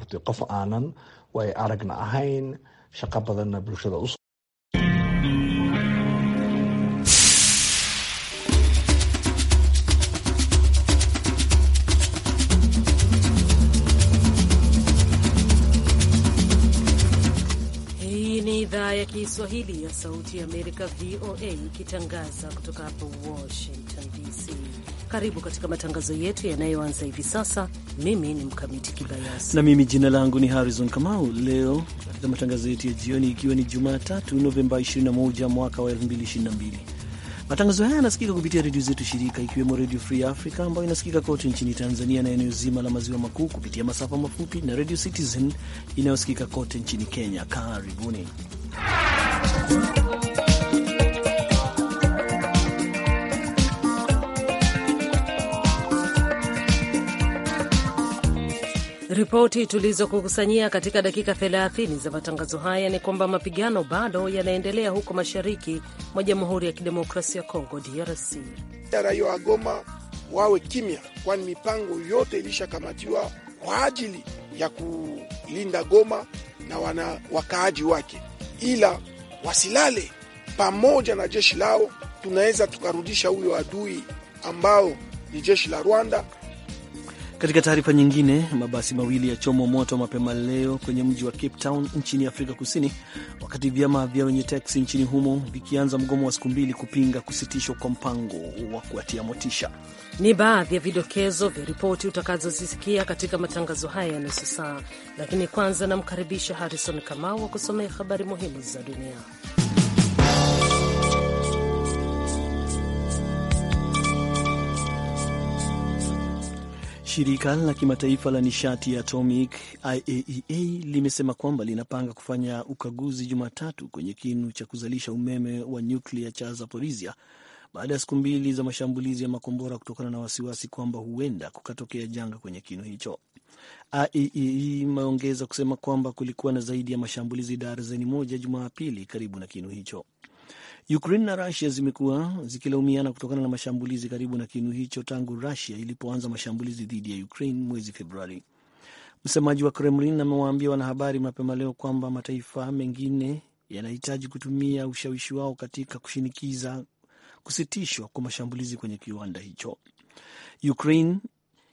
horta qof aanan way aragna ahayn shaqo badanna bulshada u Idhaa ya Kiswahili ya Sauti ya Amerika, VOA, ikitangaza kutoka hapa Washington DC. Karibu katika matangazo yetu yanayoanza hivi sasa. Mimi ni Mkamiti Kibayasi na mimi jina langu ni Harrison Kamau. Leo katika matangazo yetu ya jioni, ikiwa ni Jumatatu Novemba 21 mwaka wa 2022 matangazo haya yanasikika kupitia redio zetu shirika ikiwemo Redio Free Africa ambayo inasikika kote nchini Tanzania na eneo zima la maziwa makuu kupitia masafa mafupi na Redio Citizen inayosikika kote nchini Kenya. Karibuni Ripoti tulizokukusanyia katika dakika 30 za matangazo haya ni kwamba mapigano bado yanaendelea huko mashariki mwa Jamhuri ya Kidemokrasia ya Kongo, DRC. Raia wa Goma wawe kimya, kwani mipango yote ilishakamatiwa kwa ajili ya kulinda Goma na wana wakaaji wake, ila wasilale pamoja na jeshi lao. Tunaweza tukarudisha huyo adui ambao ni jeshi la Rwanda katika taarifa nyingine, mabasi mawili ya chomo moto mapema leo kwenye mji wa Cape Town nchini Afrika Kusini, wakati vyama vya wenye teksi nchini humo vikianza mgomo wa siku mbili kupinga kusitishwa kwa mpango wa kuatia motisha. Ni baadhi ya vidokezo vya ripoti utakazozisikia katika matangazo haya ya nusu saa, lakini kwanza namkaribisha Harrison Kamau wa kusomea habari muhimu za dunia. Shirika la kimataifa la nishati ya atomic IAEA e limesema kwamba linapanga kufanya ukaguzi Jumatatu kwenye kinu cha kuzalisha umeme wa nyuklia cha Zaporizhia baada ya siku mbili za mashambulizi ya makombora kutokana na wasiwasi kwamba huenda kukatokea janga kwenye kinu hicho. IAEA e imeongeza kusema kwamba kulikuwa na zaidi ya mashambulizi darzeni moja Jumapili karibu na kinu hicho. Ukraine na Rusia zimekuwa zikilaumiana kutokana na mashambulizi karibu na kinu hicho tangu Rusia ilipoanza mashambulizi dhidi ya Ukraine mwezi Februari. Msemaji wa Kremlin amewaambia wanahabari mapema leo kwamba mataifa mengine yanahitaji kutumia ushawishi wao katika kushinikiza kusitishwa kwa mashambulizi kwenye kiwanda hicho. Ukraine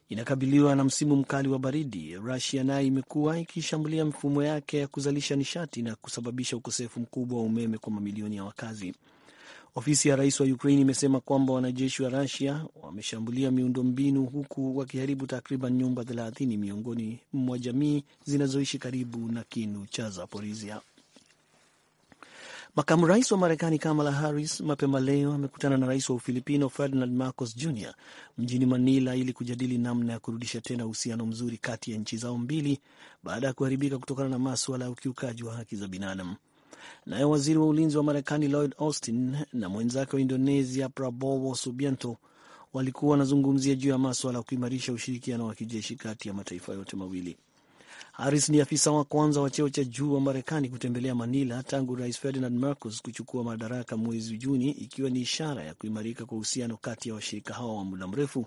inakabiliwa na msimu mkali wa baridi, Rusia nayo imekuwa ikishambulia mifumo yake ya kuzalisha nishati na kusababisha ukosefu mkubwa wa umeme kwa mamilioni ya wakazi. Ofisi ya rais wa Ukraine imesema kwamba wanajeshi wa Rusia wameshambulia miundombinu huku wakiharibu takriban nyumba 30 miongoni mwa jamii zinazoishi karibu na kinu cha Zaporizhia. Makamu rais wa Marekani Kamala Harris mapema leo amekutana na rais wa Ufilipino Ferdinand Marcos Jr mjini Manila ili kujadili namna ya kurudisha tena uhusiano mzuri kati ya nchi zao mbili baada ya kuharibika kutokana na maswala ya ukiukaji wa haki za binadamu. Naye waziri wa ulinzi wa Marekani Lloyd Austin na mwenzake wa Indonesia Prabowo Subianto walikuwa wanazungumzia juu ya maswala ya kuimarisha ushirikiano wa kijeshi kati ya mataifa yote mawili. Harris ni afisa wa kwanza wa cheo cha juu wa Marekani kutembelea Manila tangu Rais Ferdinand Marcos kuchukua madaraka mwezi Juni, ikiwa ni ishara ya kuimarika kwa uhusiano kati ya washirika hawa wa muda mrefu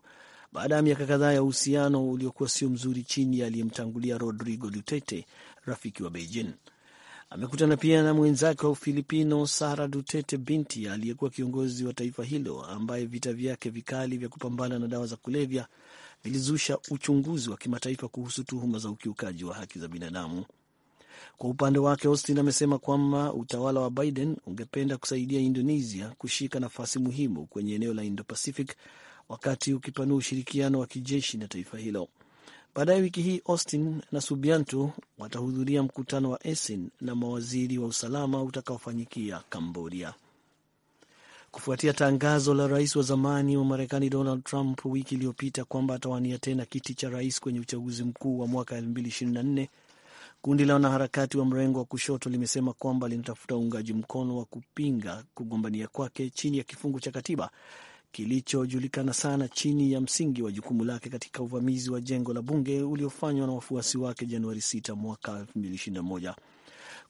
baada ya miaka kadhaa ya uhusiano uliokuwa sio mzuri chini ya aliyemtangulia Rodrigo Duterte, rafiki wa Beijing. Amekutana pia na mwenzake wa Ufilipino Sara Duterte, binti aliyekuwa kiongozi wa taifa hilo ambaye vita vyake vikali vya kupambana na dawa za kulevya vilizusha uchunguzi wa kimataifa kuhusu tuhuma za ukiukaji wa haki za binadamu. Kwa upande wake, Austin amesema kwamba utawala wa Biden ungependa kusaidia Indonesia kushika nafasi muhimu kwenye eneo la Indo-Pacific wakati ukipanua ushirikiano wa kijeshi na taifa hilo. Baadaye wiki hii Austin na Subianto watahudhuria mkutano wa ASEAN na mawaziri wa usalama utakaofanyikia Kambodia kufuatia tangazo la rais wa zamani wa Marekani Donald Trump wiki iliyopita kwamba atawania tena kiti cha rais kwenye uchaguzi mkuu wa mwaka 2024. Kundi la wanaharakati wa mrengo wa kushoto limesema kwamba linatafuta uungaji mkono wa kupinga kugombania kwake chini ya kifungu cha katiba kilichojulikana sana chini ya msingi wa jukumu lake katika uvamizi wa jengo la bunge uliofanywa na wafuasi wake Januari 6 mwaka 2021.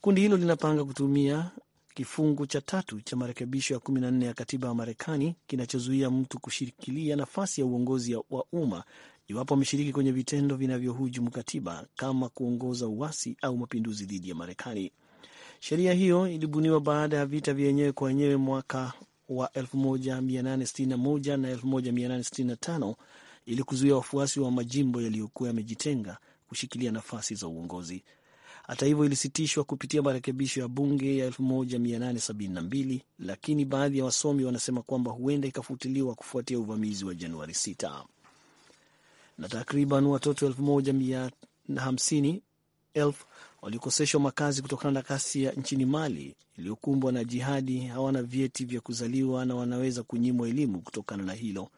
Kundi hilo linapanga kutumia kifungu cha tatu cha marekebisho ya 14 ya katiba ya Marekani kinachozuia mtu kushikilia nafasi ya uongozi wa umma iwapo ameshiriki kwenye vitendo vinavyohujumu katiba kama kuongoza uasi au mapinduzi dhidi ya Marekani. Sheria hiyo ilibuniwa baada ya vita vyenyewe kwa wenyewe mwaka wa 1861 na 1865 ili kuzuia wafuasi wa majimbo yaliyokuwa yamejitenga kushikilia nafasi za uongozi. Hata hivyo, ilisitishwa kupitia marekebisho ya bunge ya 1872 lakini baadhi ya wasomi wanasema kwamba huenda ikafutiliwa kufuatia uvamizi wa Januari 6 na takriban watoto 150 waliokoseshwa makazi kutokana na ghasia nchini Mali iliyokumbwa na jihadi hawana vyeti vya kuzaliwa na wanaweza kunyimwa elimu kutokana na hilo,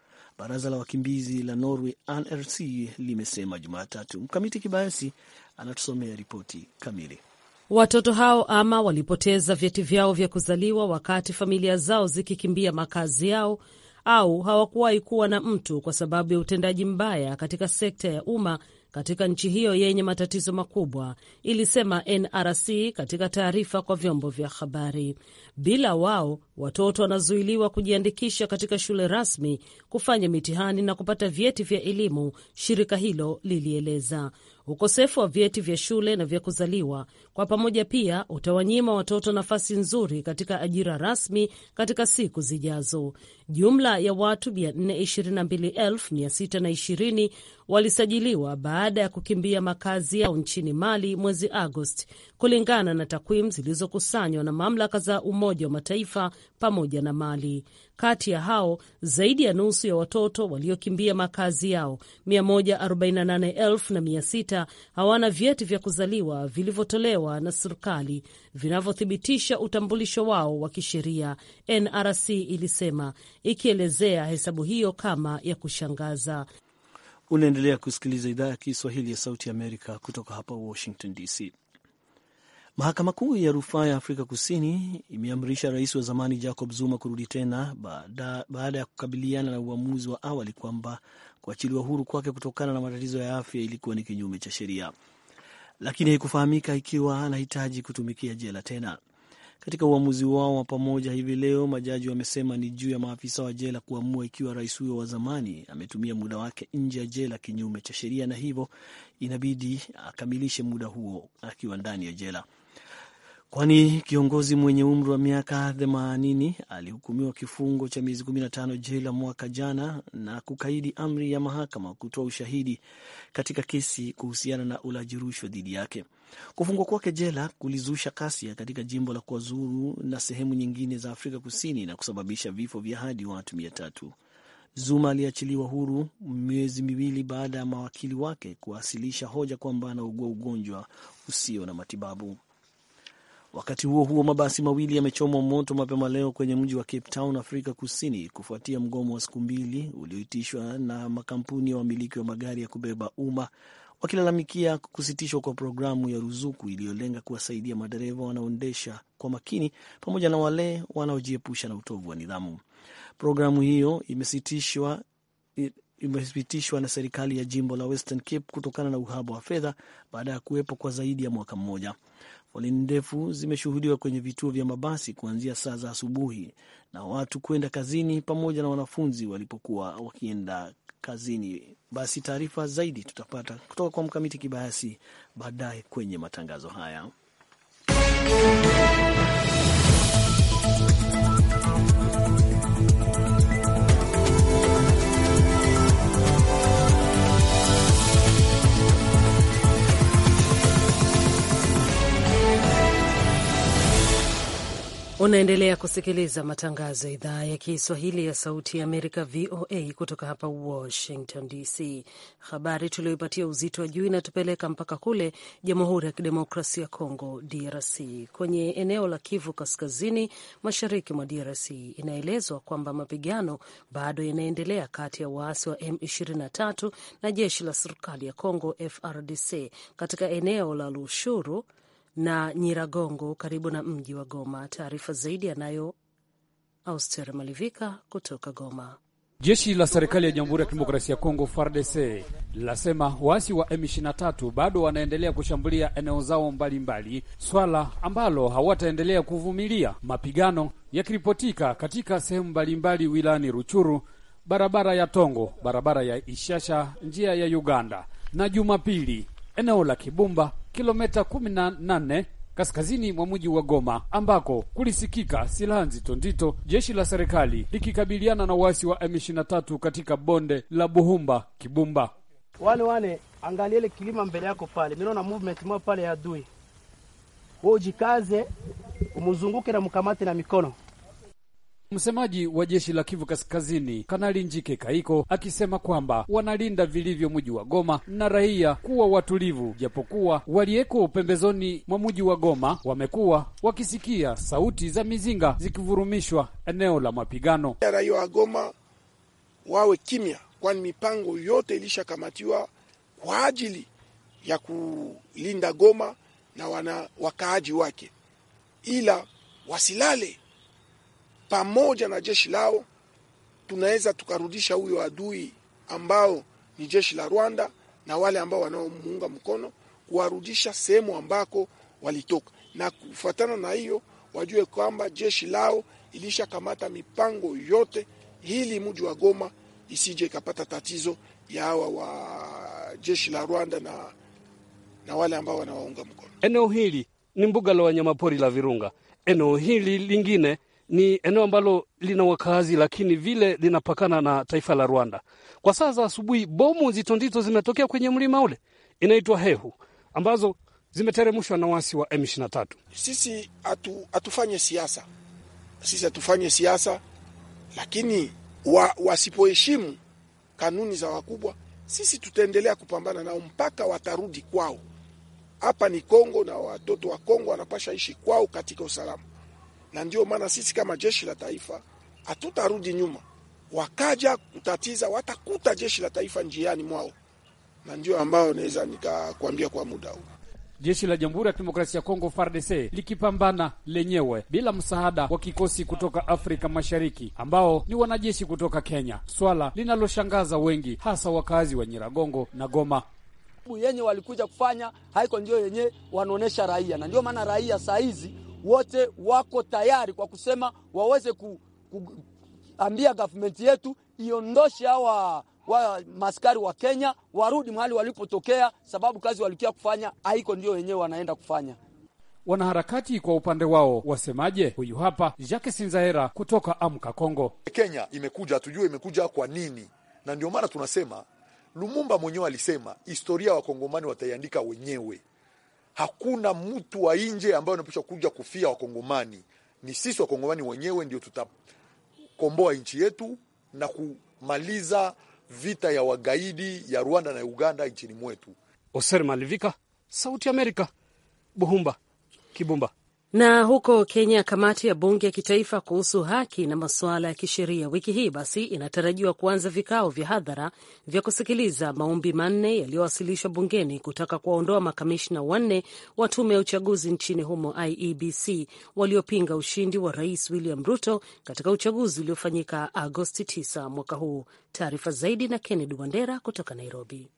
baraza la wakimbizi la Norway NRC limesema Jumatatu. Mkamiti Kibayasi anatusomea ripoti kamili. Watoto hao ama walipoteza vyeti vyao vya kuzaliwa wakati familia zao zikikimbia makazi yao au hawakuwahi kuwa na mtu kwa sababu ya utendaji mbaya katika sekta ya umma katika nchi hiyo yenye matatizo makubwa, ilisema NRC katika taarifa kwa vyombo vya habari. Bila wao, watoto wanazuiliwa kujiandikisha katika shule rasmi, kufanya mitihani na kupata vyeti vya elimu, shirika hilo lilieleza ukosefu wa vyeti vya shule na vya kuzaliwa kwa pamoja pia utawanyima watoto nafasi nzuri katika ajira rasmi katika siku zijazo. Jumla ya watu 422,620 walisajiliwa baada ya kukimbia makazi yao nchini Mali mwezi Agosti, kulingana na takwimu zilizokusanywa na mamlaka za Umoja wa Mataifa pamoja na Mali. Kati ya hao, zaidi ya nusu ya watoto waliokimbia makazi yao 148,600 sita hawana vyeti vya kuzaliwa vilivyotolewa na serikali vinavyothibitisha utambulisho wao wa kisheria, NRC ilisema, ikielezea hesabu hiyo kama ya kushangaza. Unaendelea kusikiliza idhaa ya Kiswahili ya Sauti Amerika kutoka hapa Washington DC. Mahakama Kuu ya Rufaa ya Afrika Kusini imeamrisha rais wa zamani Jacob Zuma kurudi tena baada ya kukabiliana na uamuzi wa awali kwamba kuachiliwa huru kwake kutokana na matatizo ya afya ilikuwa ni kinyume cha sheria, lakini haikufahamika ikiwa anahitaji kutumikia jela tena. Katika uamuzi wao wa pamoja hivi leo, majaji wamesema ni juu ya maafisa wa jela kuamua ikiwa rais huyo wa zamani ametumia muda wake nje ya jela kinyume cha sheria, na hivyo inabidi akamilishe muda huo akiwa ndani ya jela kwani kiongozi mwenye umri wa miaka 80 alihukumiwa kifungo cha miezi 15 jela mwaka jana na kukaidi amri ya mahakama kutoa ushahidi katika kesi kuhusiana na ulaji rushwa dhidi yake. Kufungwa kwake jela kulizusha kasia katika jimbo la KwaZulu na sehemu nyingine za Afrika Kusini na kusababisha vifo vya hadi watu mia tatu. Zuma aliachiliwa huru miezi miwili baada ya mawakili wake kuwasilisha hoja kwamba anaugua ugonjwa usio na matibabu. Wakati huo huo, mabasi mawili yamechomwa moto mapema leo kwenye mji wa Cape Town, Afrika Kusini, kufuatia mgomo wa siku mbili ulioitishwa na makampuni ya wamiliki wa magari ya kubeba umma wakilalamikia kusitishwa kwa programu ya ruzuku iliyolenga kuwasaidia madereva wanaoendesha kwa makini pamoja na wale wanaojiepusha na utovu wa nidhamu. Programu hiyo imesitishwa imesitishwa na serikali ya jimbo la Western Cape kutokana na uhaba wa fedha baada ya kuwepo kwa zaidi ya mwaka mmoja. Foleni ndefu zimeshuhudiwa kwenye vituo vya mabasi kuanzia saa za asubuhi na watu kwenda kazini pamoja na wanafunzi walipokuwa wakienda kazini. Basi taarifa zaidi tutapata kutoka kwa Mkamiti Kibayasi baadaye kwenye matangazo haya. Unaendelea kusikiliza matangazo ya idhaa ya Kiswahili ya Sauti ya Amerika, VOA, kutoka hapa Washington DC. Habari tuliyoipatia uzito wa juu inatupeleka mpaka kule Jamhuri ya Kidemokrasia ya Kongo, DRC, kwenye eneo la Kivu Kaskazini, mashariki mwa DRC. Inaelezwa kwamba mapigano bado yanaendelea kati ya waasi wa M23 na jeshi la serikali ya Kongo, FRDC, katika eneo la Lushuru na Nyiragongo karibu na mji wa Goma. Taarifa zaidi anayo Auster Malivika kutoka Goma. Jeshi la serikali ya Jamhuri ya Kidemokrasia ya Kongo, FARDC, linasema waasi wa M23 bado wanaendelea kushambulia eneo zao mbalimbali, swala ambalo hawataendelea kuvumilia. Mapigano yakiripotika katika sehemu mbalimbali wilayani Ruchuru, barabara ya Tongo, barabara ya Ishasha, njia ya Uganda, na Jumapili eneo la Kibumba kilomita kumi na nane kaskazini mwa mji wa Goma ambako kulisikika silaha nzito nzito, jeshi la serikali likikabiliana na uasi wa M23 katika bonde la Buhumba Kibumba. Wale wale, angalia ile kilima mbele yako pale, mimi naona movement pale ya adui. Wewe ujikaze, umuzunguke na mkamate na mikono Msemaji wa jeshi la Kivu Kaskazini, Kanali Njike Kaiko, akisema kwamba wanalinda vilivyo mji wa Goma na raia kuwa watulivu, japokuwa waliyeko pembezoni mwa mji wa Goma wamekuwa wakisikia sauti za mizinga zikivurumishwa eneo la mapigano. Raia wa Goma wawe kimya, kwani mipango yote ilishakamatiwa kwa ajili ya kulinda Goma na wana wakaaji wake, ila wasilale pamoja na jeshi lao tunaweza tukarudisha huyo adui ambao ni jeshi la Rwanda na wale ambao wanaomuunga mkono, kuwarudisha sehemu ambako walitoka, na kufuatana na hiyo wajue kwamba jeshi lao ilishakamata mipango yote hili mji wa Goma isije ikapata tatizo ya hawa wa jeshi la Rwanda na, na wale ambao wanawaunga mkono. Eneo hili ni mbuga la wanyamapori la Virunga. Eneo hili lingine ni eneo ambalo lina wakazi lakini vile linapakana na taifa la Rwanda. Kwa saa za asubuhi, bomu nzito nzito zimetokea kwenye mlima ule inaitwa Hehu, ambazo zimeteremshwa na wasi wa M23. Sisi hatufanye atu, siasa sisi hatufanye siasa, lakini wa, wasipoheshimu kanuni za wakubwa, sisi tutaendelea kupambana nao mpaka watarudi kwao. Hapa ni Kongo na watoto wa Kongo wanapasha ishi kwao katika usalama na ndio maana sisi kama jeshi la taifa hatutarudi nyuma. Wakaja kutatiza, watakuta jeshi la taifa njiani mwao, na ndio ambayo naweza nikakuambia kwa muda huu jeshi la Jamhuri ya Kidemokrasia ya Kongo FARDC likipambana lenyewe bila msaada wa kikosi kutoka Afrika Mashariki ambao ni wanajeshi kutoka Kenya, swala linaloshangaza wengi, hasa wakazi wa Nyiragongo na Goma. Yenye walikuja kufanya haiko ndio yenye wanaonyesha raia, na ndio maana raia saa hizi wote wako tayari kwa kusema waweze kuambia gavumenti yetu iondoshe hawa wa maskari wa Kenya warudi mahali walipotokea, sababu kazi walikia kufanya haiko, ndio wenyewe wanaenda kufanya. Wanaharakati kwa upande wao wasemaje? Huyu hapa Jacques Sinzaera kutoka Amka Kongo. Kenya imekuja, tujue imekuja kwa nini, na ndio maana tunasema Lumumba mwenyewe alisema historia wakongomani wataiandika wenyewe hakuna mtu wa nje ambaye anapaswa kuja kufia Wakongomani. Ni sisi Wakongomani wenyewe ndio tutakomboa nchi yetu na kumaliza vita ya wagaidi ya Rwanda na Uganda nchini mwetu. Oser Malivika, Sauti Amerika, Buhumba, Kibumba. Na huko Kenya, kamati ya bunge ya kitaifa kuhusu haki na masuala ya kisheria wiki hii basi inatarajiwa kuanza vikao vya hadhara vya kusikiliza maombi manne yaliyowasilishwa bungeni kutaka kuwaondoa makamishna wanne wa tume ya uchaguzi nchini humo IEBC waliopinga ushindi wa Rais William Ruto katika uchaguzi uliofanyika Agosti 9 mwaka huu. Taarifa zaidi na Kennedy Wandera kutoka Nairobi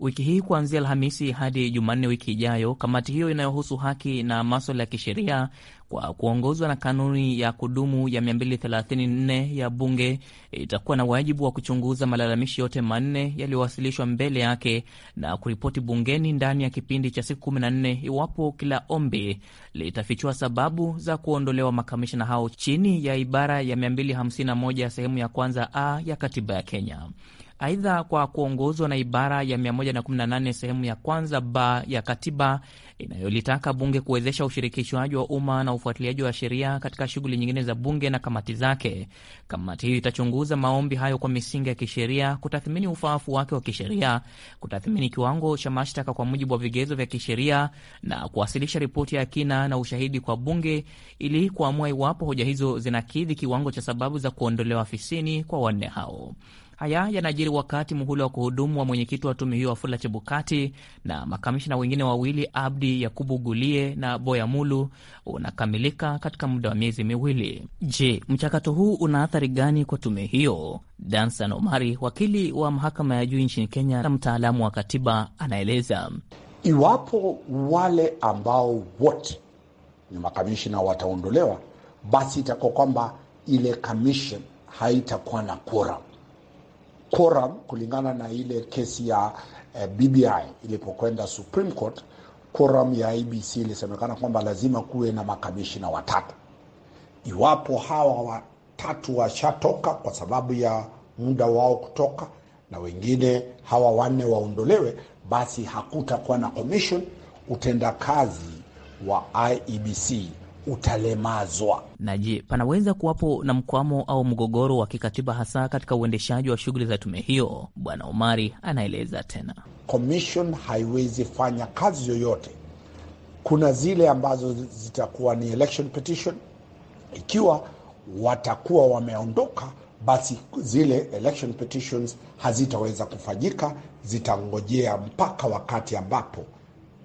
wiki hii kuanzia Alhamisi hadi Jumanne wiki ijayo. Kamati hiyo inayohusu haki na maswala ya kisheria kwa kuongozwa na kanuni ya kudumu ya 234 ya bunge itakuwa na wajibu wa kuchunguza malalamishi yote manne yaliyowasilishwa mbele yake na kuripoti bungeni ndani ya kipindi cha siku 14 iwapo kila ombi litafichua sababu za kuondolewa makamishina hao chini ya ibara ya 251 sehemu ya kwanza a ya katiba ya Kenya. Aidha, kwa kuongozwa na ibara ya 118 sehemu ya kwanza ba ya katiba inayolitaka bunge kuwezesha ushirikishwaji wa umma na ufuatiliaji wa sheria katika shughuli nyingine za bunge na kamati zake. Kamati hiyo itachunguza maombi hayo kwa misingi ya kisheria, kutathmini ufaafu wake wa kisheria, kutathmini kiwango cha mashtaka kwa mujibu wa vigezo vya kisheria na kuwasilisha ripoti ya kina na ushahidi kwa bunge ili kuamua iwapo hoja hizo zinakidhi kiwango cha sababu za kuondolewa afisini kwa wanne hao. Haya yanajiri wakati muhula wa kuhudumu wa mwenyekiti wa tume hiyo Wafula Chebukati na makamishina wengine wawili Abdi Yakubu Gulie na Boya Mulu unakamilika katika muda wa miezi miwili. Je, mchakato huu una athari gani kwa tume hiyo? Dansan Omari, wakili wa mahakama ya juu nchini Kenya na mtaalamu wa katiba, anaeleza. Iwapo wale ambao wote ni makamishina wataondolewa, basi itakuwa kwamba ile kamishen haitakuwa na kura Quorum kulingana na ile kesi ya eh, BBI ilipokwenda Supreme Court, quorum ya IBC ilisemekana kwamba lazima kuwe na makamishina watatu. Iwapo hawa watatu washatoka kwa sababu ya muda wao kutoka na wengine hawa wanne waondolewe, basi hakutakuwa na commission. Utendakazi wa IEBC utalemazwa. Na je, panaweza kuwapo na mkwamo au mgogoro wa kikatiba hasa katika uendeshaji wa shughuli za tume hiyo? Bwana Omari anaeleza tena, commission haiwezi fanya kazi yoyote. Kuna zile ambazo zitakuwa ni election petition. Ikiwa watakuwa wameondoka, basi zile election petitions hazitaweza kufanyika, zitangojea mpaka wakati ambapo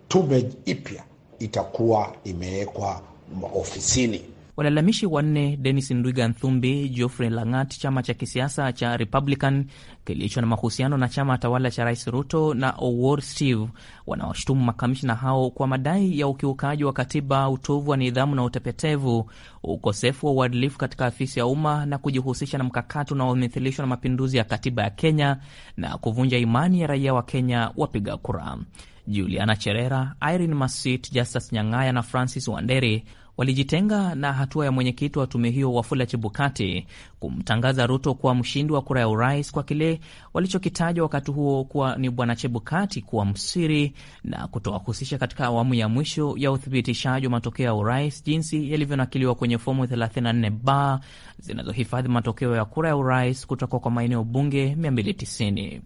tume ipya itakuwa imewekwa maofisini Walalamishi wanne Denis Ndwiga Nthumbi, Geoffrey Langat, chama cha kisiasa cha Republican kilicho na mahusiano na chama tawala cha Rais Ruto na owar Steve wanawashutumu makamishina hao kwa madai ya ukiukaji wa katiba, utovu wa nidhamu na utepetevu, ukosefu wa uadilifu katika afisi ya umma na kujihusisha na mkakati unaomithilishwa na mapinduzi ya katiba ya Kenya na kuvunja imani ya raia wa Kenya wapiga kura. Juliana Cherera, Irene Masit, Justus Nyang'aya na Francis Wanderi walijitenga na hatua ya mwenyekiti wa tume hiyo Wafula Chebukati kumtangaza Ruto kuwa mshindi wa kura ya urais kwa kile walichokitaja wakati huo kuwa ni Bwana Chibukati kuwa msiri na kutowahusisha katika awamu ya mwisho ya uthibitishaji wa matokeo ya urais jinsi yalivyonakiliwa kwenye fomu 34 b zinazohifadhi matokeo ya kura ya urais kutoka kwa maeneo bunge 290.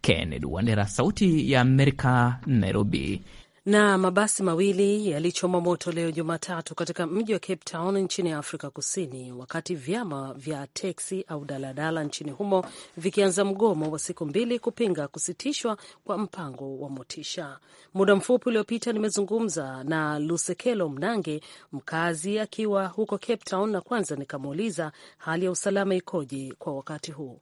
Kennedy Wandera, Sauti ya Amerika, Nairobi. Na mabasi mawili yalichoma moto leo Jumatatu katika mji wa Cape Town nchini Afrika Kusini, wakati vyama vya teksi au daladala nchini humo vikianza mgomo wa siku mbili kupinga kusitishwa kwa mpango wa Motisha. Muda mfupi uliopita nimezungumza na Lusekelo Mnange, mkazi akiwa huko Cape Town, na kwanza nikamuuliza hali ya usalama ikoje kwa wakati huu.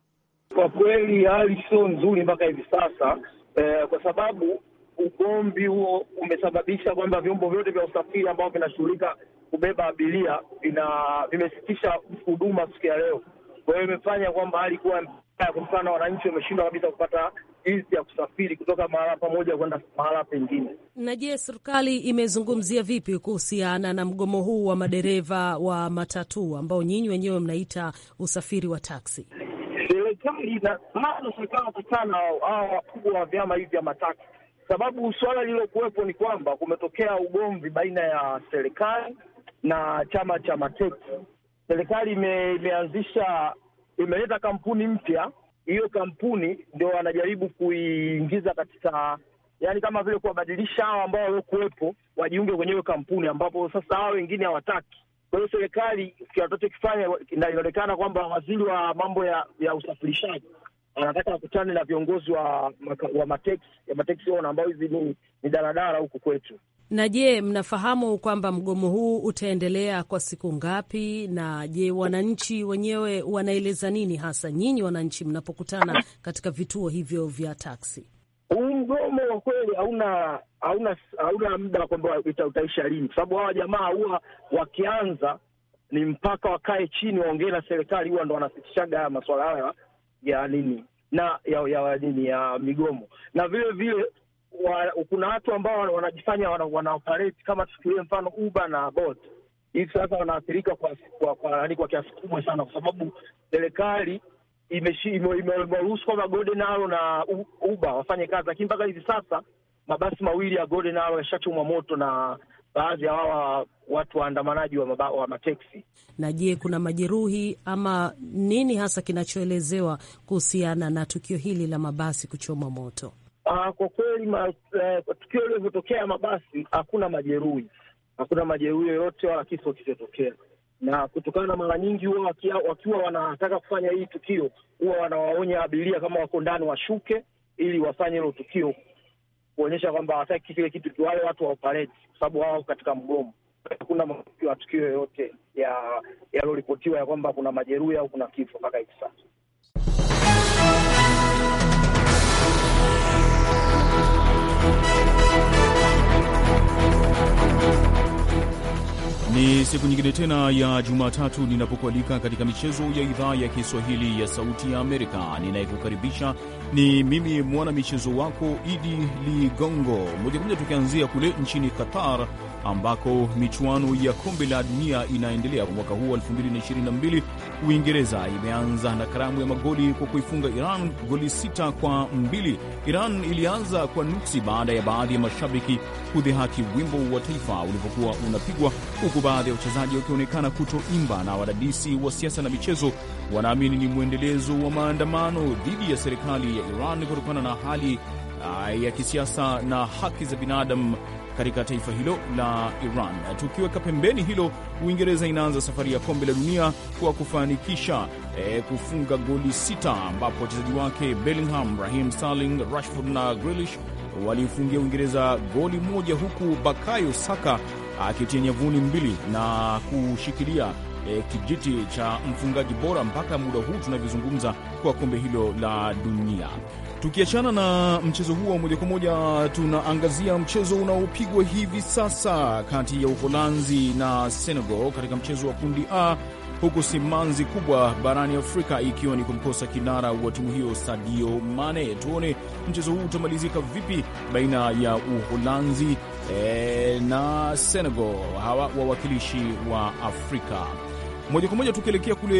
Kwa kweli hali sio nzuri mpaka hivi sasa eh, kwa sababu ugomvi huo umesababisha kwamba vyombo vyote vya usafiri ambavyo vinashughulika kubeba abiria vina vimesitisha huduma siku ya leo. Kwa hiyo imefanya kwamba hali kuwa mbaya, kutokana wananchi wameshindwa kabisa kupata jinsi ya kusafiri kutoka mahala pamoja kwenda mahala pengine. Na je, serikali imezungumzia vipi kuhusiana na mgomo huu wa madereva wa matatu ambao nyinyi wenyewe mnaita usafiri wa taksi? Serikali na bado serikali watakutana na hawa wakubwa wa vyama hivi vya mataksi Sababu suala lililokuwepo ni kwamba kumetokea ugomvi baina ya serikali na chama cha mateki. Serikali imeanzisha imeleta kampuni mpya. Hiyo kampuni ndio wanajaribu kuiingiza katika yani kama vile kuwabadilisha hao ambao waliokuwepo wajiunge kwenye hiyo kampuni, ambapo sasa hao wengine hawataki. Kwa hiyo serikali kinachokifanya inaonekana kwamba waziri wa mambo ya, ya usafirishaji anataka akutane na viongozi wa, wa mateksi ya mateksi ona ambayo hizi ni, ni daradara huku kwetu. Na je, mnafahamu kwamba mgomo huu utaendelea kwa siku ngapi? Na je, wananchi wenyewe wanaeleza nini hasa, nyinyi wananchi mnapokutana katika vituo hivyo vya taksi? Huu mgomo kwa kweli hauna hauna hauna muda kwamba utaisha lini, kwa sababu hawa jamaa huwa wakianza ni mpaka wakae chini waongee na serikali, huwa ndo wanapitishaga haya maswala haya ya nini na ya ya nini ya migomo, na vile vile wa, kuna watu ambao wanajifanya wana, wana operate kama tuchukulie mfano Uber na Bolt hivi sasa wanaathirika kwa kwa, kwa, kwa kiasi kubwa sana, kwa sababu serikali imewaruhusu kwamba Golden Arrow na Uber wafanye kazi, lakini mpaka hivi sasa mabasi mawili ya Golden Arrow yashachomwa moto na baadhi ya hawa watu waandamanaji wa, wa mateksi. Na je, kuna majeruhi ama nini hasa kinachoelezewa kuhusiana na tukio hili la mabasi kuchoma moto? Aa, ah, kwa kweli ma, eh, tukio lilivyotokea mabasi hakuna majeruhi, hakuna majeruhi yoyote wala kifo kilichotokea, na kutokana na mara nyingi huwa wakiwa wanataka kufanya hii tukio huwa wanawaonya abiria kama wako ndani washuke ili wafanye hilo tukio kuonyesha kwamba hawataki kile kitu, wale watu wa operate kwa sababu hawako katika mgomo. Hakuna matukio ya yoyote yaliyoripotiwa ya kwamba kuna majeruhi au kuna kifo mpaka hivi sasa. siku nyingine tena ya Jumatatu ninapokualika katika michezo ya idhaa ya Kiswahili ya Sauti ya Amerika. Ninayekukaribisha ni mimi mwana michezo wako Idi Ligongo. Moja kwa moja tukianzia kule nchini Qatar ambako michuano ya kombe la dunia inaendelea mwaka huu 2022. Uingereza imeanza na karamu ya magoli kwa kuifunga Iran goli sita kwa mbili. Iran ilianza kwa nuksi baada ya baadhi ya mashabiki kudhihaki wimbo wa taifa ulipokuwa unapigwa, huku baadhi ya wachezaji wakionekana kutoimba, na wadadisi wa siasa na michezo wanaamini ni mwendelezo wa maandamano dhidi ya serikali ya Iran kutokana na hali ah, ya kisiasa na haki za binadamu katika taifa hilo la Iran. Tukiweka pembeni hilo, Uingereza inaanza safari ya kombe la dunia kwa kufanikisha e, kufunga goli sita ambapo wachezaji wake Bellingham, Raheem Sterling, Rashford na Grealish walifungia Uingereza goli moja, huku Bakayo Saka akitia nyavuni mbili na kushikilia e, kijiti cha mfungaji bora mpaka muda huu tunavyozungumza kwa kombe hilo la dunia. Tukiachana na mchezo huo moja kwa moja, tunaangazia mchezo unaopigwa hivi sasa kati ya Uholanzi na Senegal katika mchezo wa kundi A, huku simanzi kubwa barani Afrika ikiwa ni kumkosa kinara wa timu hiyo Sadio Mane. Tuone mchezo huu utamalizika vipi baina ya Uholanzi e, na Senegal, hawa wawakilishi wa Afrika moja kwa moja tukielekea kule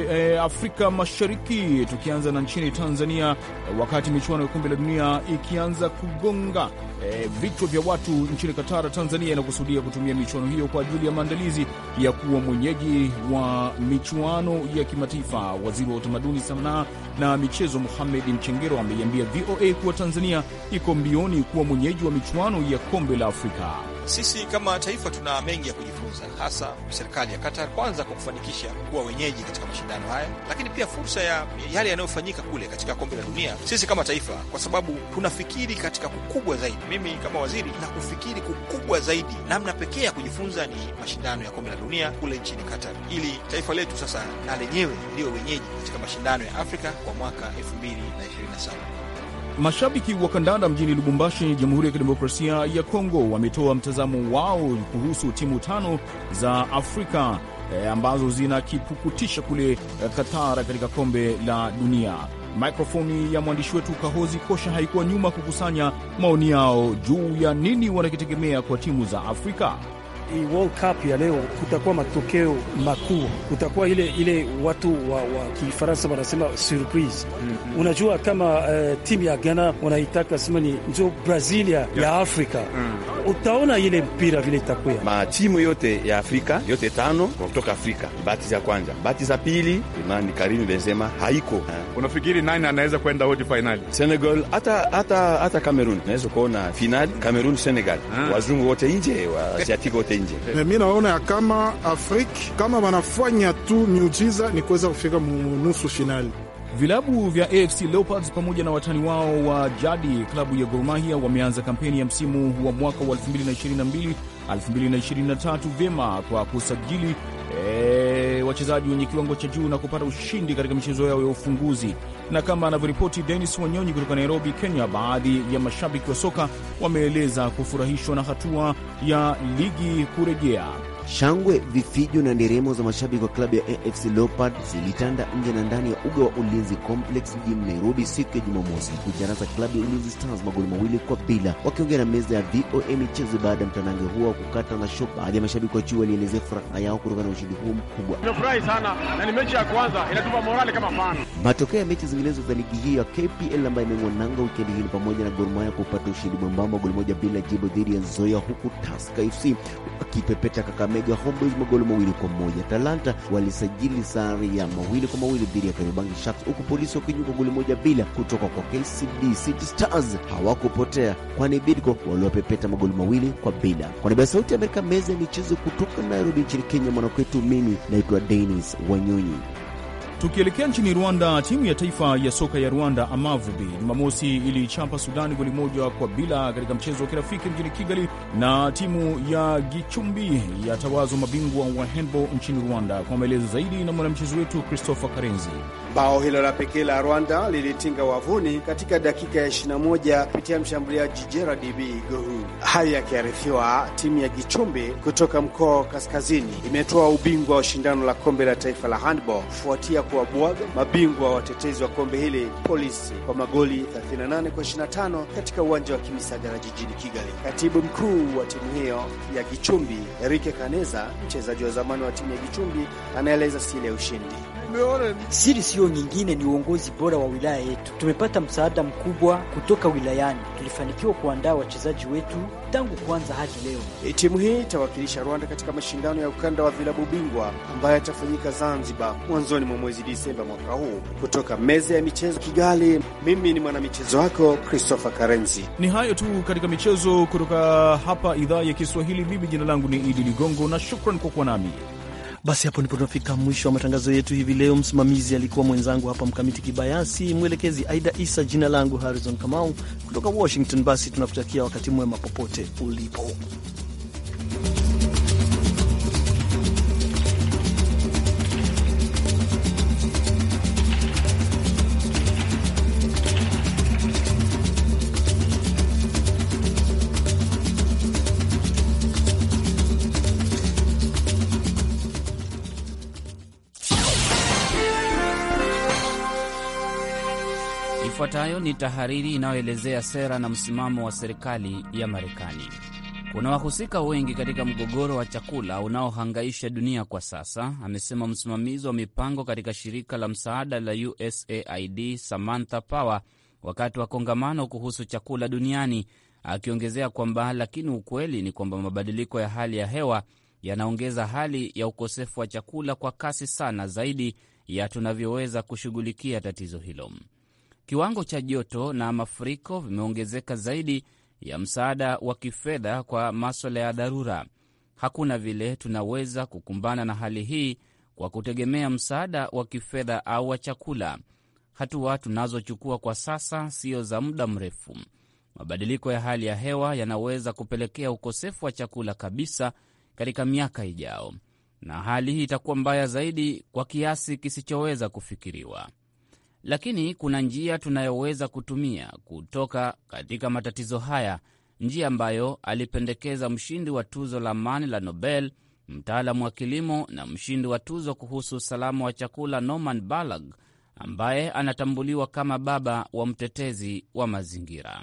e, Afrika Mashariki, tukianza na nchini Tanzania. Wakati michuano ya kombe la dunia ikianza kugonga e, eh, vichwa vya watu nchini Katara, Tanzania inakusudia kutumia michuano hiyo kwa ajili ya maandalizi ya kuwa mwenyeji wa michuano ya kimataifa. Waziri wa Utamaduni, Sanaa na Michezo muhamed Mchengero ameiambia VOA kuwa Tanzania iko mbioni kuwa mwenyeji wa michuano ya kombe la Afrika. Sisi kama taifa tuna mengi ya kujifunza, hasa serikali ya Qatar, kwanza kwa kufanikisha kuwa wenyeji katika mashindano haya, lakini pia fursa ya yale yanayofanyika kule katika kombe la dunia, sisi kama taifa, kwa sababu tunafikiri katika kukubwa zaidi. Mimi kama waziri na kufikiri kukubwa zaidi, namna pekee ya kujifunza ni mashindano ya kombe la dunia kule nchini Qatar, ili taifa letu sasa na lenyewe ndiyo wenyeji katika mashindano ya Afrika kwa mwaka 227 Mashabiki wa kandanda mjini Lubumbashi, Jamhuri ya Kidemokrasia ya Kongo wametoa mtazamo wao kuhusu timu tano za Afrika e, ambazo zinakipukutisha kule eh, Qatar katika kombe la dunia. Mikrofoni ya mwandishi wetu Kahozi Kosha haikuwa nyuma kukusanya maoni yao juu ya nini wanakitegemea kwa timu za Afrika. World Cup ya leo kutakuwa matokeo makuu, kutakuwa ile ile watu wa, wa Kifaransa wanasema surprise. mm -hmm. Unajua kama uh, eh, timu ya Ghana wanaitaka sema ni njo Brazilia yeah. ya Afrika mm. Utaona ile mpira vile itakuwa matimu yote ya Afrika yote tano kutoka Afrika, bati za kwanza, bati za pili imani Karim Benzema haiko ha. Eh. Unafikiri nani anaweza kwenda hadi finali? Senegal hata hata hata Cameroon, naweza kuona finali Cameroon Senegal, ah. wazungu wote nje, wa waasiatiki wote nje. Eh, mi naona kama Afrika kama wanafanya tu miujiza ni kuweza kufika nusu finali. Vilabu vya AFC Leopards pamoja na watani wao wa jadi klabu ya Gor Mahia wameanza kampeni ya msimu wa mwaka wa 2022 2023 vyema kwa kusajili e, wachezaji wenye kiwango cha juu na kupata ushindi katika michezo yao ya ufunguzi na kama anavyoripoti Denis Wanyonyi kutoka Nairobi, Kenya, baadhi ya mashabiki wa soka wameeleza kufurahishwa na hatua ya ligi kurejea. Shangwe, vifijo na nderemo za mashabiki wa klabu ya AFC Leopard zilitanda nje na ndani ya uga wa Ulinzi Complex mjini Nairobi siku ya Jumamosi kuicharaza klabu ya Ulinzi Stars magoli mawili kwa bila. Wakiongea na meza ya VOA michezo baada ya mtanange huo wa kukata na shop, baadhi ya mashabiki wa chui walielezea furaha yao kutokana na ushindi huo mkubwa. Nimefurahi sana na ni mechi ya kwanza, inatupa kama fani. Matokeo ya mechi zinginezo za ligi hiyo ya KPL ambayo imeng'oa nanga wikendi hii pamoja na Gor Mahia kupata ushindi mwembamba goli moja bila jibu dhidi ya Nzoia, huku Tusker FC wakipepeta Kakamega Kakamega Homeboys magolo mawili kwa moja. Talanta walisajili sare ya mawili kwa mawili dhidi ya Kariobangi Sharks, huku polisi wakinyuka goli moja bila kutoka kwa KCB. City Stars hawakupotea, kwani Bidco waliwapepeta magoli mawili kwa bila. Kwa niaba ya Sauti ya Amerika, meza ya michezo kutoka Nairobi nchini Kenya, mwanakwetu mimi naitwa Dennis Wanyonyi. Tukielekea nchini Rwanda, timu ya taifa ya soka ya Rwanda Amavubi Jumamosi iliichapa Sudani goli moja kwa bila katika mchezo wa kirafiki mjini Kigali, na timu ya Gichumbi ya tawazo mabingwa wa handball nchini Rwanda. Kwa maelezo zaidi na mwanamchezo wetu Christopher Karenzi. Bao hilo la pekee la Rwanda lilitinga wavuni katika dakika ya 21 kupitia mshambuliaji Gerard Gohu. Hayo yakiarifiwa, timu ya Gichumbi kutoka mkoa wa kaskazini imetoa ubingwa wa shindano la kombe la taifa la handball kufuatia kuwabwaga mabingwa watetezi wa kombe hili Polisi kwa magoli 38 kwa 25 katika uwanja wa Kimisagara jijini Kigali. Katibu mkuu wa timu hiyo ya Gichumbi erike Kaneza, mchezaji wa zamani wa timu ya Gichumbi, anaeleza siri ya ushindi. Siri siyo nyingine, ni uongozi bora wa wilaya yetu. Tumepata msaada mkubwa kutoka wilayani, tulifanikiwa kuandaa wachezaji wetu tangu kuanza hadi leo. Timu hii itawakilisha Rwanda katika mashindano ya ukanda wa vilabu bingwa ambayo yatafanyika Zanzibar mwanzoni mwa mwezi Disemba mwaka huu. Kutoka meza ya michezo Kigali, mimi ni mwanamichezo wako Christopher Karenzi. Ni hayo tu katika michezo kutoka hapa idhaa ya Kiswahili. Mimi jina langu ni Idi Ligongo na shukran kwa kuwa nami. Basi hapo ndipo tunafika mwisho wa matangazo yetu hivi leo. Msimamizi alikuwa mwenzangu hapa Mkamiti Kibayasi, mwelekezi Aida Isa, jina langu Harrison Kamau kutoka Washington. Basi tunakutakia wakati mwema popote ulipo. ni tahariri inayoelezea sera na msimamo wa serikali ya Marekani. Kuna wahusika wengi katika mgogoro wa chakula unaohangaisha dunia kwa sasa, amesema msimamizi wa mipango katika shirika la msaada la USAID Samantha Power wakati wa kongamano kuhusu chakula duniani, akiongezea kwamba lakini ukweli ni kwamba mabadiliko ya hali ya hewa yanaongeza hali ya ukosefu wa chakula kwa kasi sana zaidi ya tunavyoweza kushughulikia tatizo hilo. Kiwango cha joto na mafuriko vimeongezeka zaidi ya msaada wa kifedha kwa maswala ya dharura. Hakuna vile tunaweza kukumbana na hali hii kwa kutegemea msaada wa kifedha au wa chakula. Hatua tunazochukua kwa sasa siyo za muda mrefu. Mabadiliko ya hali ya hewa yanaweza kupelekea ukosefu wa chakula kabisa katika miaka ijao, na hali hii itakuwa mbaya zaidi kwa kiasi kisichoweza kufikiriwa lakini kuna njia tunayoweza kutumia kutoka katika matatizo haya, njia ambayo alipendekeza mshindi wa tuzo la amani la Nobel, mtaalamu wa kilimo na mshindi wa tuzo kuhusu usalama wa chakula Norman Balag, ambaye anatambuliwa kama baba wa mtetezi wa mazingira.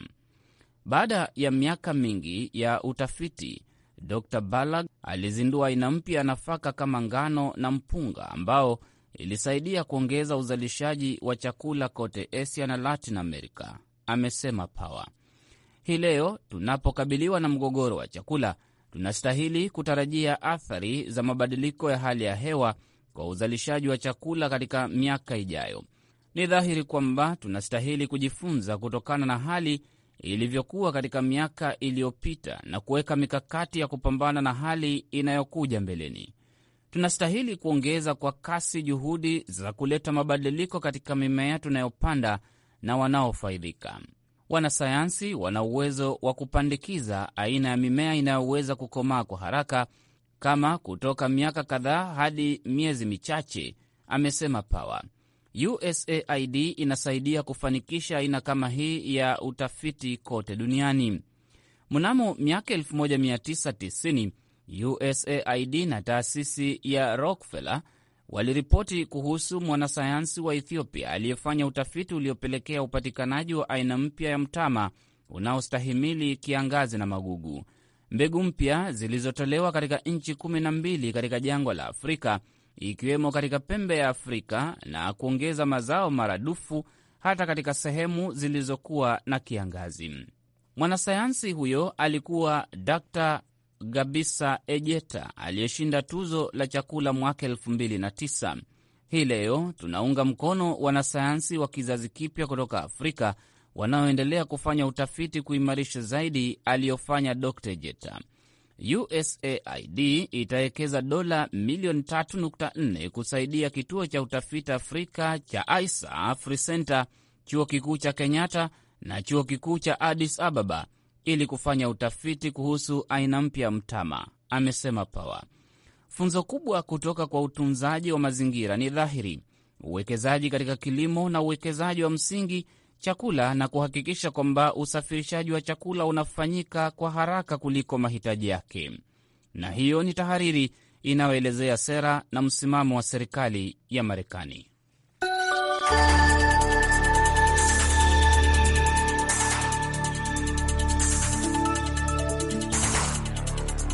Baada ya miaka mingi ya utafiti, Dr Balag alizindua aina mpya ya nafaka kama ngano na mpunga ambao ilisaidia kuongeza uzalishaji wa chakula kote Asia na Latin America, amesema Power. Hii leo tunapokabiliwa na mgogoro wa chakula, tunastahili kutarajia athari za mabadiliko ya hali ya hewa kwa uzalishaji wa chakula katika miaka ijayo. Ni dhahiri kwamba tunastahili kujifunza kutokana na hali ilivyokuwa katika miaka iliyopita na kuweka mikakati ya kupambana na hali inayokuja mbeleni. Tunastahili kuongeza kwa kasi juhudi za kuleta mabadiliko katika mimea tunayopanda na wanaofaidika. Wanasayansi wana uwezo wa kupandikiza aina ya mimea inayoweza kukomaa kwa haraka kama kutoka miaka kadhaa hadi miezi michache, amesema Pawa. USAID inasaidia kufanikisha aina kama hii ya utafiti kote duniani. Mnamo miaka 1990 USAID na taasisi ya Rockefeller waliripoti kuhusu mwanasayansi wa Ethiopia aliyefanya utafiti uliopelekea upatikanaji wa aina mpya ya mtama unaostahimili kiangazi na magugu. Mbegu mpya zilizotolewa katika nchi kumi na mbili katika jangwa la Afrika ikiwemo katika pembe ya Afrika na kuongeza mazao maradufu hata katika sehemu zilizokuwa na kiangazi. Mwanasayansi huyo alikuwa Dr Gabisa Ejeta aliyeshinda tuzo la chakula mwaka 2009. Hii leo tunaunga mkono wanasayansi wa kizazi kipya kutoka Afrika wanaoendelea kufanya utafiti kuimarisha zaidi aliyofanya Dr Ejeta. USAID itawekeza dola milioni 3.4 kusaidia kituo cha utafiti Afrika cha ISA AfriCenter, chuo kikuu cha Kenyatta na chuo kikuu cha Addis Ababa ili kufanya utafiti kuhusu aina mpya mtama, amesema Pawa. Funzo kubwa kutoka kwa utunzaji wa mazingira ni dhahiri: uwekezaji katika kilimo na uwekezaji wa msingi chakula na kuhakikisha kwamba usafirishaji wa chakula unafanyika kwa haraka kuliko mahitaji yake. Na hiyo ni tahariri inayoelezea sera na msimamo wa serikali ya Marekani.